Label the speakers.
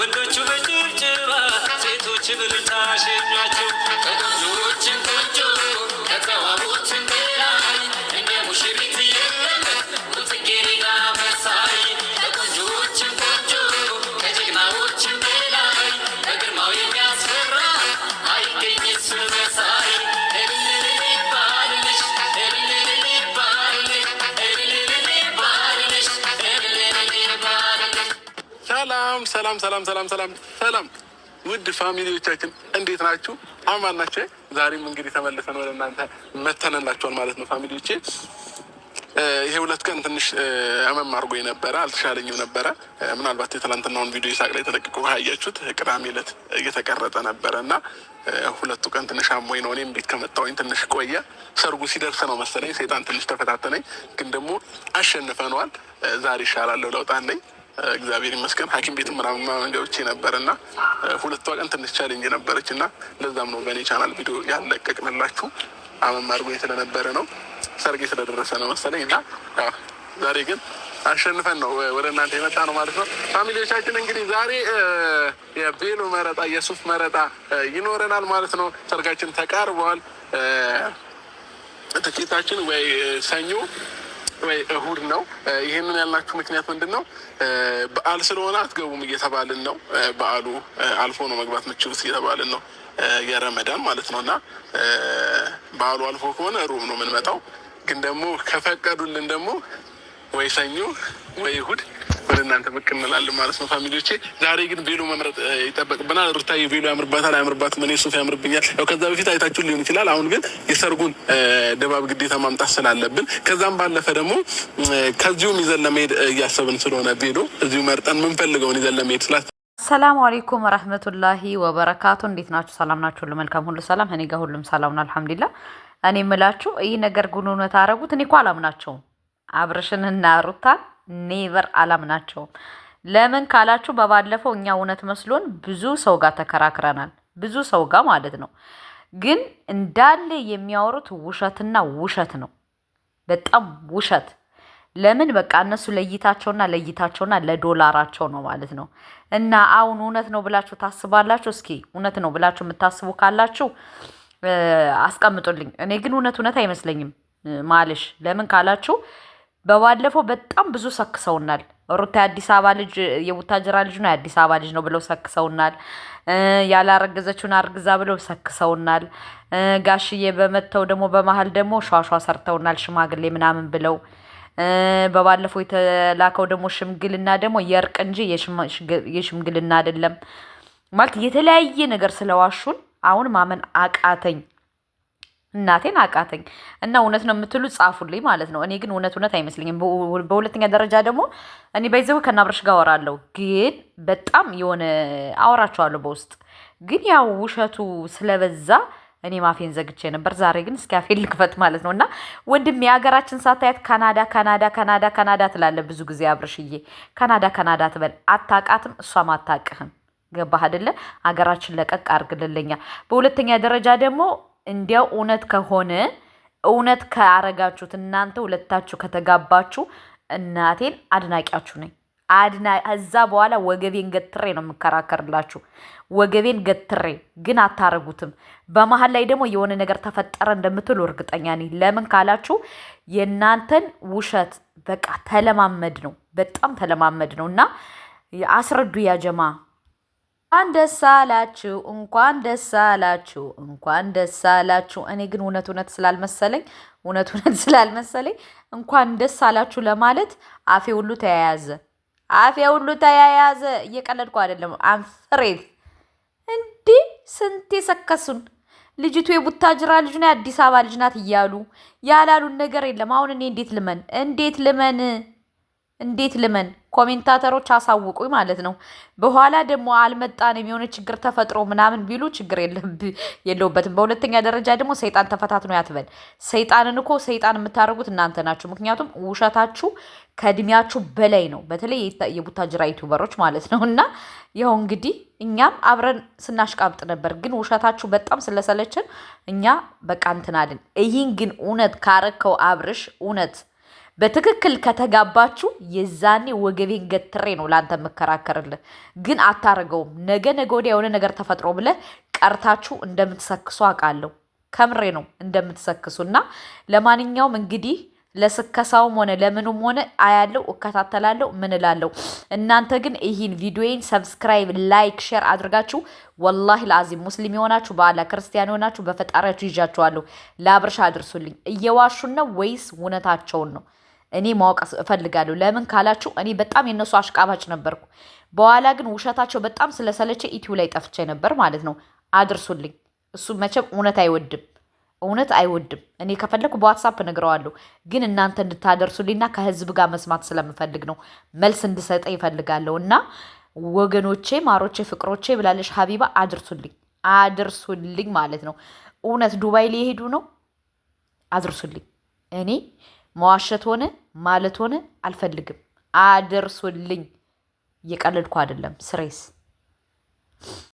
Speaker 1: ወንዶቹ በጭብጨባ ሴቶች በልልታ ሸኟቸው።
Speaker 2: ሰላም ሰላም ሰላም ሰላም ሰላም ሰላም ውድ ፋሚሊዎቻችን እንዴት ናችሁ? አማን ናቸው። ዛሬም እንግዲህ ተመልሰን ወደ እናንተ መተነላቸዋል ማለት ነው ፋሚሊዎቼ። ይሄ ሁለት ቀን ትንሽ አመም አድርጎ ነበረ፣ አልተሻለኝም ነበረ። ምናልባት የትላንትናውን ቪዲዮ ይሳቅ ላይ ተለቅቆ ካያችሁት ቅዳሜ ዕለት እየተቀረጠ ነበረ እና ሁለቱ ቀን ትንሽ አሞኝ ነው። እኔም ቤት ከመጣሁኝ ትንሽ ቆየ። ሰርጉ ሲደርስ ነው መሰለኝ ሰይጣን ትንሽ ተፈታተነኝ፣ ግን ደግሞ አሸንፈነዋል። ዛሬ ይሻላለሁ፣ ለውጥ እግዚአብሔር ይመስገን ሐኪም ቤት ምናምን ማመንጃዎች ነበር እና ሁለቷ ቀን ትንሽ ቻሌንጅ ነበረች እና ለዛም ነው በእኔ ቻናል ቪዲዮ ያለቀቅንላችሁ። አመማርጎ ስለነበረ ነው ሰርጌ ስለደረሰ ነው መሰለኝ እና ዛሬ ግን አሸንፈን ነው ወደ እናንተ የመጣ ነው ማለት ነው። ፋሚሊዎቻችን እንግዲህ ዛሬ የቤሎ መረጣ የሱፍ መረጣ ይኖረናል ማለት ነው። ሰርጋችን ተቃርበዋል። ትኬታችን ወይ ሰኞ እሁድ ነው። ይህንን ያልናችሁ ምክንያት ምንድን ነው? በዓል ስለሆነ አትገቡም እየተባልን ነው። በዓሉ አልፎ ነው መግባት የምችሉት እየተባልን ነው። የረመዳን ማለት ነው እና በዓሉ አልፎ ከሆነ ሮብ ነው የምንመጣው። ግን ደግሞ ከፈቀዱልን ደግሞ ወይ ሰኞ ወይ እሁድ ወደ እናንተ ብቅ እንላለን ማለት ነው ፋሚሊዎቼ። ዛሬ ግን ቬሎ መምረጥ ይጠበቅብናል። ሩታዬ ቬሎ ያምርባታል አያምርባትም? እኔ ሱፍ ያምርብኛል። ያው ከዛ በፊት አይታችሁን ሊሆን ይችላል። አሁን ግን የሰርጉን ድባብ ግዴታ ማምጣት ስላለብን ከዛም ባለፈ ደግሞ ከዚሁም ይዘን ለመሄድ እያሰብን ስለሆነ ቬሎ እዚሁ መርጠን ምንፈልገውን ይዘን ለመሄድ ስላት
Speaker 3: አሰላሙ አሌይኩም ረህመቱላሂ ወበረካቱ። እንዴት ናችሁ? ሰላም ናችሁ? ሁሉ መልካም፣ ሁሉ ሰላም። እኔ ጋር ሁሉም ሰላም ነው፣ አልሐምዱሊላህ። እኔ የምላችሁ ይህ ነገር ጉንነት አረጉት። እኔ እኮ አላምናቸውም አብርሽንና ሩታን ኔቨር አላምናቸውም። ለምን ካላችሁ በባለፈው እኛ እውነት መስሎን ብዙ ሰው ጋር ተከራክረናል። ብዙ ሰው ጋር ማለት ነው። ግን እንዳለ የሚያወሩት ውሸትና ውሸት ነው። በጣም ውሸት። ለምን በቃ እነሱ ለእይታቸውና ለእይታቸውና ለዶላራቸው ነው ማለት ነው። እና አሁን እውነት ነው ብላችሁ ታስባላችሁ? እስኪ እውነት ነው ብላችሁ የምታስቡ ካላችሁ አስቀምጡልኝ። እኔ ግን እውነት እውነት አይመስለኝም ማለሽ ለምን ካላችሁ በባለፈው በጣም ብዙ ሰክሰውናል። ሩታ የአዲስ አበባ ልጅ የቡታጅራ ልጅ ነው የአዲስ አበባ ልጅ ነው ብለው ሰክሰውናል። ያላረገዘችውን አርግዛ ብለው ሰክሰውናል። ጋሽዬ በመተው ደግሞ በመሀል ደግሞ ሿሿ ሰርተውናል፣ ሽማግሌ ምናምን ብለው በባለፈው የተላከው ደግሞ ሽምግልና ደግሞ የእርቅ እንጂ የሽምግልና አይደለም ማለት የተለያየ ነገር ስለዋሹን አሁን ማመን አቃተኝ። እናቴን አቃተኝ እና እውነት ነው የምትሉ ጻፉልኝ ማለት ነው። እኔ ግን እውነት እውነት አይመስለኝም። በሁለተኛ ደረጃ ደግሞ እኔ በይዘው ከናብረሽ ጋር አወራለሁ፣ ግን በጣም የሆነ አወራቸዋለሁ በውስጥ ግን ያው ውሸቱ ስለበዛ እኔ ማፌን ዘግቼ ነበር። ዛሬ ግን እስኪ አፌን ልክፈት ማለት ነው። እና ወንድም የሀገራችን ሳታያት ካናዳ ካናዳ ካናዳ ካናዳ ትላለ ብዙ ጊዜ አብርሽዬ። ካናዳ ካናዳ ትበል አታቃትም፣ እሷም አታቅህም። ገባህ አይደለ? ሀገራችን ለቀቅ አርግልልኛ። በሁለተኛ ደረጃ ደግሞ እንዲያው እውነት ከሆነ እውነት ካረጋችሁት እናንተ ሁለታችሁ ከተጋባችሁ እናቴን አድናቂያችሁ ነኝ። አድና እዛ በኋላ ወገቤን ገትሬ ነው የምከራከርላችሁ። ወገቤን ገትሬ ግን አታረጉትም። በመሀል ላይ ደግሞ የሆነ ነገር ተፈጠረ እንደምትሉ እርግጠኛ ነኝ። ለምን ካላችሁ የእናንተን ውሸት በቃ ተለማመድ ነው፣ በጣም ተለማመድ ነው እና አስረዱ ያጀማ እንኳን ደስ አላችሁ፣ እንኳን ደስ አላችሁ፣ እንኳን ደስ አላችሁ። እኔ ግን እውነት እውነት ስላልመሰለኝ እውነት እውነት ስላልመሰለኝ እንኳን ደስ አላችሁ ለማለት አፌ ሁሉ ተያያዘ፣ አፌ ሁሉ ተያያዘ። እየቀለድኩ አይደለም። አንፍሬት እንዲህ ስንት የሰከሱን ልጅቱ የቡታጅራ ልጅ ነው የአዲስ አበባ ልጅ ናት እያሉ ያላሉን ነገር የለም። አሁን እኔ እንዴት ልመን? እንዴት ልመን? እንዴት ልመን? ኮሜንታተሮች አሳውቁኝ ማለት ነው። በኋላ ደግሞ አልመጣንም የሆነ ችግር ተፈጥሮ ምናምን ቢሉ ችግር የለውበትም። በሁለተኛ ደረጃ ደግሞ ሰይጣን ተፈታትኖ ያትበል። ሰይጣንን እኮ ሰይጣን የምታደርጉት እናንተ ናችሁ። ምክንያቱም ውሸታችሁ ከእድሜያችሁ በላይ ነው። በተለይ የቡታጅራ ዩቱበሮች ማለት ነው። እና ይኸው እንግዲህ እኛም አብረን ስናሽቃብጥ ነበር፣ ግን ውሸታችሁ በጣም ስለሰለችን እኛ በቃ እንትናልን። ይህን ግን እውነት ካረከው አብርሽ እውነት በትክክል ከተጋባችሁ የዛኔ ወገቤን ገትሬ ነው ላንተ የምከራከርልህ። ግን አታርገውም። ነገ ነገ ወዲያ የሆነ ነገር ተፈጥሮ ብለህ ቀርታችሁ እንደምትሰክሱ አውቃለሁ። ከምሬ ነው እንደምትሰክሱ እና ለማንኛውም እንግዲህ ለስከሳውም ሆነ ለምኑም ሆነ አያለው፣ እከታተላለው ምን እላለሁ? እናንተ ግን ይህን ቪዲዮን ሰብስክራይብ፣ ላይክ፣ ሼር አድርጋችሁ ወላሂ ለአዚም ሙስሊም የሆናችሁ በአላ ክርስቲያን የሆናችሁ በፈጣሪያችሁ ይዣችኋለሁ። ላብርሻ አድርሱልኝ። እየዋሹን ነው ወይስ እውነታቸውን ነው? እኔ ማወቅ እፈልጋለሁ። ለምን ካላችሁ እኔ በጣም የነሱ አሽቃባጭ ነበርኩ። በኋላ ግን ውሸታቸው በጣም ስለሰለቸ ኢትዮ ላይ ጠፍቼ ነበር ማለት ነው። አድርሱልኝ። እሱ መቼም እውነት አይወድም። እውነት አይወድም። እኔ ከፈለግኩ በዋትሳፕ እነግረዋለሁ፣ ግን እናንተ እንድታደርሱልኝና ከህዝብ ጋር መስማት ስለምፈልግ ነው። መልስ እንድሰጠ ይፈልጋለሁ። እና ወገኖቼ፣ ማሮቼ፣ ፍቅሮቼ ብላለች ሀቢባ። አድርሱልኝ፣ አድርሱልኝ ማለት ነው። እውነት ዱባይ ሊሄዱ ነው። አድርሱልኝ። እኔ መዋሸት ሆነ ማለት ሆነ አልፈልግም። አድርሱልኝ። እየቀለድኩ አይደለም ስሬስ